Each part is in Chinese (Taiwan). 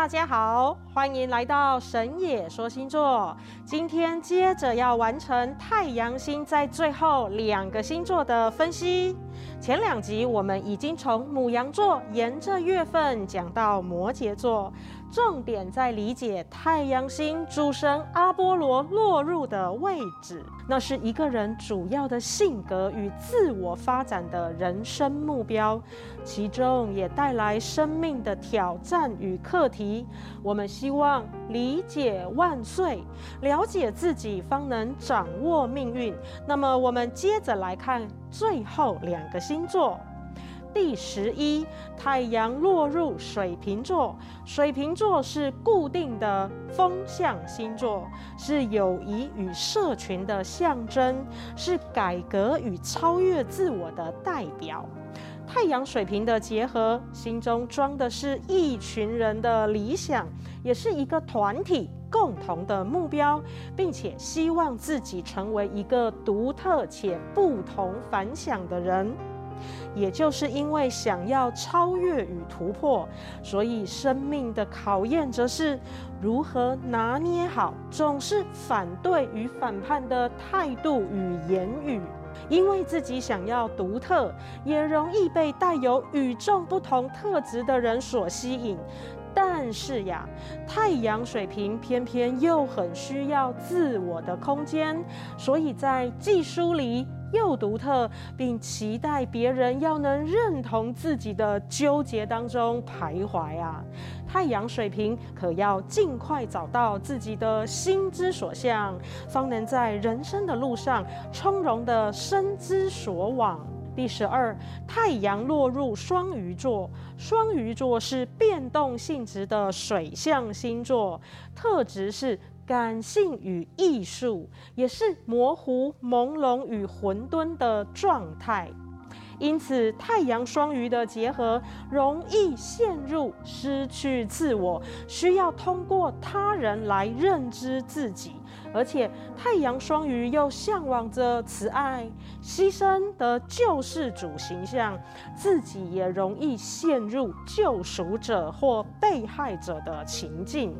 大家好，歡迎來到神野說星座。今天接着要完成太陽星在最後兩個星座的分析。前兩集我們已經從牡羊座沿着月份講到摩羯座。重點在理解太陽星主神阿波羅落入的位置，那是一個人主要的性格與自我發展的人生目標，其中也帶來生命的挑戰與課題。我們希望理解萬歲，了解自己，方能掌握命運。那麼，我們接着來看最後兩個星座。第十一，太陽落入水瓶座。水瓶座是固定的風向星座，是友誼與社群的象徵，是改革與超越自我的代表。太陽水瓶的結合，心中裝的是一群人的理想，也是一個團體共同的目標，並且希望自己成為一個獨特且不同凡響的人。也就是因為想要超越與突破，所以生命的考驗則是如何拿捏好總是反對與反叛的態度與言語。因為自己想要獨特，也容易被帶有與眾不同特質的人所吸引。但是呀，太陽水瓶偏偏又很需要自我的空間，所以在技術裡。又獨特，並期待別人要能認同自己的糾結當中徘徊啊！太陽水瓶可要盡快找到自己的心之所向，方能在人生的路上從容的身之所往。第十二，太陽落入雙魚座，雙魚座是變動性質的水象星座，特質是。感性與藝術也是模糊、朦朧與混沌的狀態，因此太陽雙魚的結合容易陷入失去自我，需要通過他人來認知自己。而且太陽雙魚又向往着慈愛、犧牲的救世主形象，自己也容易陷入救贖者或被害者的情境。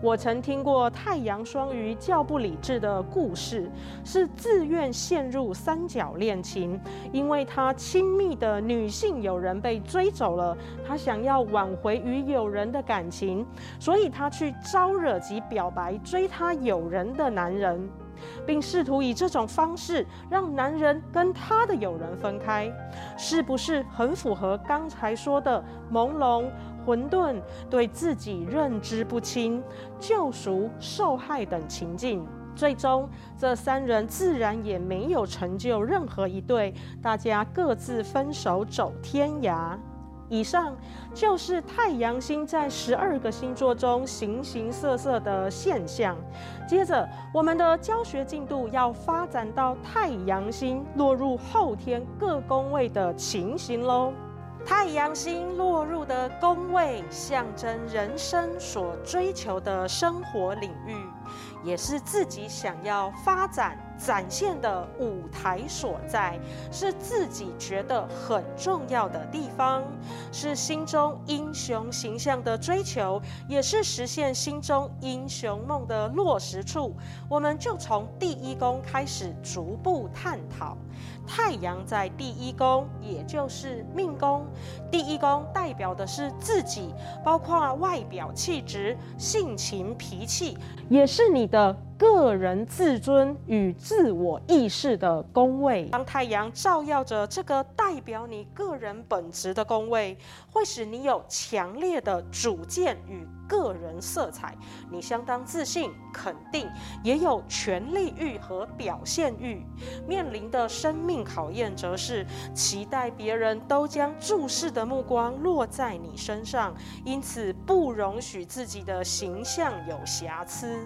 我曾聽過太陽雙魚較不理智的故事，是自願陷入三角戀情，因為他親密的女性友人被追走了，他想要挽回與友人的感情，所以他去招惹及表白追他友人的男人，並試圖以這種方式讓男人跟他的友人分開，是不是很符合剛才說的朦朧？混沌對自己認知不清、救贖受害等情境，最終這三人自然也沒有成就任何一對，大家各自分手走天涯。以上就是太陽星在十二個星座中形形色色的現象。接着，我們的教學進度要發展到太陽星落入後天各宮位的情形嘍。太陽星落入的宮位，象徵人生所追求的生活領域。也是自己想要發展展現的舞台所在，是自己覺得很重要的地方，是心中英雄形象的追求，也是實現心中英雄夢的落實處。我們就從第一宮開始逐步探討。太陽在第一宮，也就是命宮，第一宮代表的是自己，包括外表、氣質、性情、脾氣，也是。是你的。個人自尊與自我意識的宮位。當太陽照耀着這個代表你個人本質的宮位，會使你有強烈的主見與個人色彩。你相當自信、肯定，也有權力欲和表現欲。面臨的生命考驗則是期待別人都將注視的目光落在你身上，因此不容許自己的形象有瑕疵。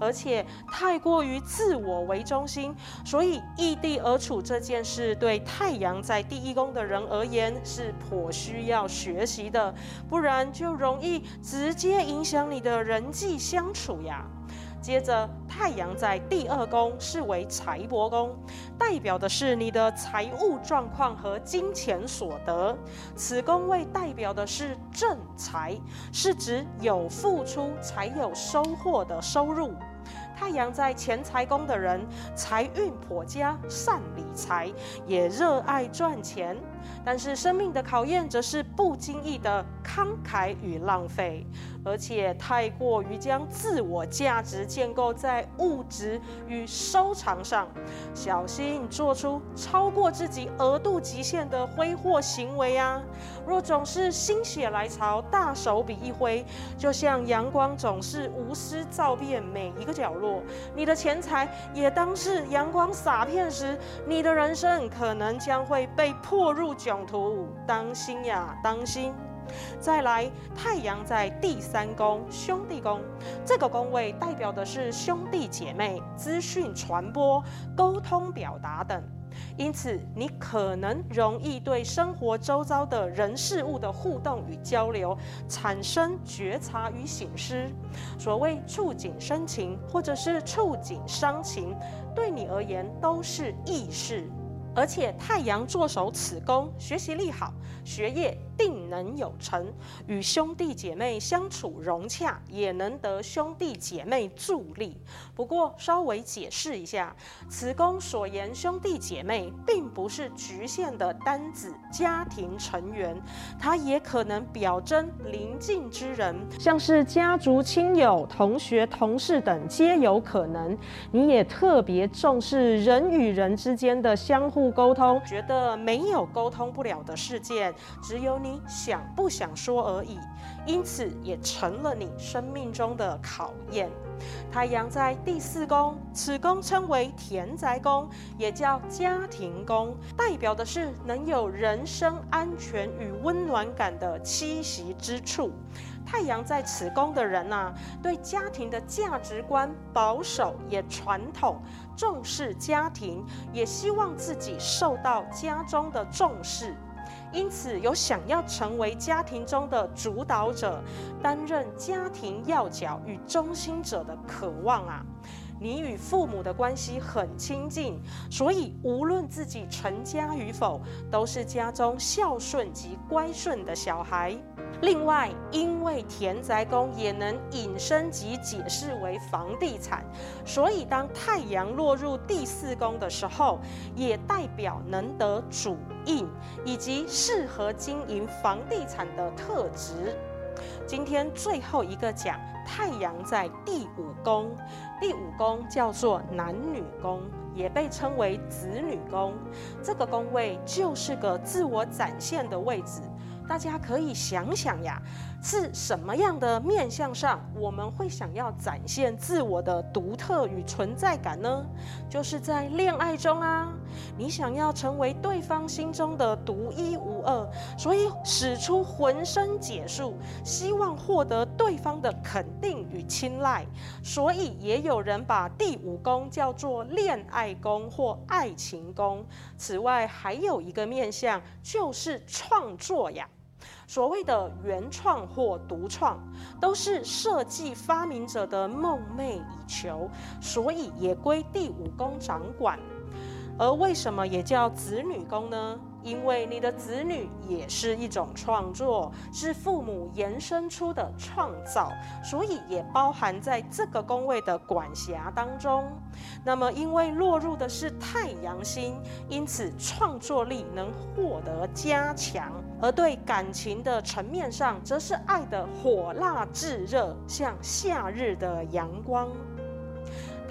而且太過於自我為中心，所以易地而處這件事，對太陽在第一宮的人而言是頗需要學習的，不然就容易直接影響你的人際相處呀。接着，太陽在第二宮是為財帛宮，代表的是你的財務狀況和金錢所得。此宮位代表的是正財，是指有付出才有收穫的收入。太陽在錢財宮的人，財運頗佳，善理財，也熱愛賺錢。但是生命的考驗，則是不經意的慷慨與浪費，而且太過於將自我價值建構在物質與收藏上，小心做出超過自己額度極限的揮霍行為啊！若總是心血來潮，大手筆一揮，就像陽光總是無私照遍每一個角落，你的錢財也當是陽光灑遍時，你的人生可能將會被迫入。囧途，當心呀，當心！再來，太陽在第三宮，兄弟宮。這個宮位代表的是兄弟姐妹、資訊傳播、溝通表達等。因此，你可能容易對生活周遭的人事物的互動與交流產生覺察與省思。所謂觸景生情，或者是觸景傷情，對你而言都是易事。而且太陽坐守此宮，學習力好，學業定能有成，與兄弟姐妹相處融洽，也能得兄弟姐妹助力。不過稍微解釋一下，此宮所言兄弟姐妹，並不是局限的單子家庭成員，他也可能表徵鄰近之人，像是家族親友、同學、同事等皆有可能。你也特別重視人與人之間的相互。不溝溝通，覺得沒有溝通不了的事件，只有你想不想說而已，因此也成了你生命中的考驗。太陽在第四宮，此宮稱為田宅宮，也叫家庭宮，代表的是能有人生安全與溫暖感的棲息之處。太陽在此宮的人吶、啊，對家庭的價值觀保守也傳統，重視家庭，也希望自己受到家中的重視。因此，有想要成為家庭中的主導者，擔任家庭要角與中心者的渴望啊。你與父母的關係很親近，所以無論自己成家與否，都是家中孝順及乖順的小孩。另外，因為田宅宮也能引申及解釋為房地產，所以當太陽落入第四宮的時候，也代表能得主印，以及適合經營房地產的特質。今天最後一個講太陽在第五宮，第五宮叫做男女宮，也被稱為子女宮。這個宮位就是個自我展現的位置。大家可以想想呀，是什麼樣的面向上我們會想要展現自我的獨特與存在感呢？就是在戀愛中啊，你想要成為對方心中的獨一無二，所以使出渾身解數，希望獲得對方的肯定與青睞。所以也有人把第五宮叫做戀愛宮或愛情宮。此外，還有一個面向就是創作呀。所謂的原創或獨創，都是設計發明者的夢寐以求，所以也歸第五宮掌管。而為什麼也叫子女宮呢？因為你的子女也是一種創作，是父母延伸出的創造，所以也包含在這個宮位的管轄當中。那麼，因為落入的是太陽星，因此創作力能獲得加強，而對感情的層面上，則是愛的火辣炙熱，像夏日的陽光。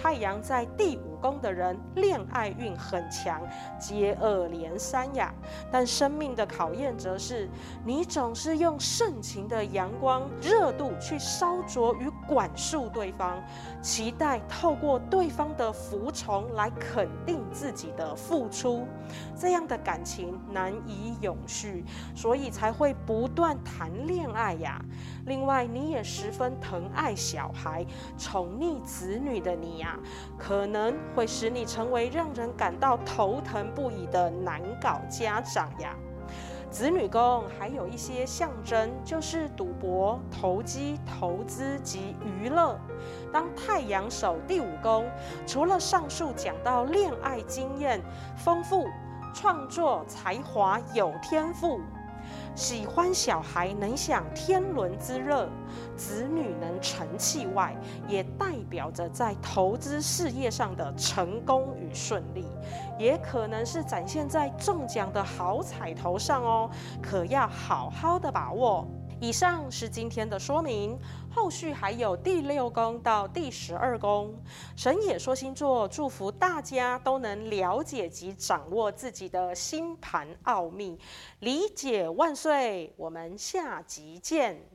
太陽在第五宮的人戀愛運很強，接二連三呀。但生命的考驗則是，你總是用盛情的陽光熱度去燒灼與管束對方，期待透過對方的服從來肯定自己的付出。這樣的感情難以永續，所以才會不斷談戀愛呀。另外，你也十分疼愛小孩，寵溺子女的你呀，可能。會使你成為讓人感到頭疼不已的難搞家長呀！子女宮還有一些象徵，就是賭博、投機、投資及娛樂。當太陽守第五宮，除了上述講到戀愛經驗豐富、創作才華有天賦。喜歡小孩能享天倫之樂，子女能成器外，也代表着在投資事業上的成功與順利，也可能是展現在中獎的好彩頭上哦，可要好好的把握。以上是今天的說明。後續還有第六宮到第十二宮，神野說星座祝福大家都能了解及掌握自己的星盤奧秘，理解萬歲！我們下集見。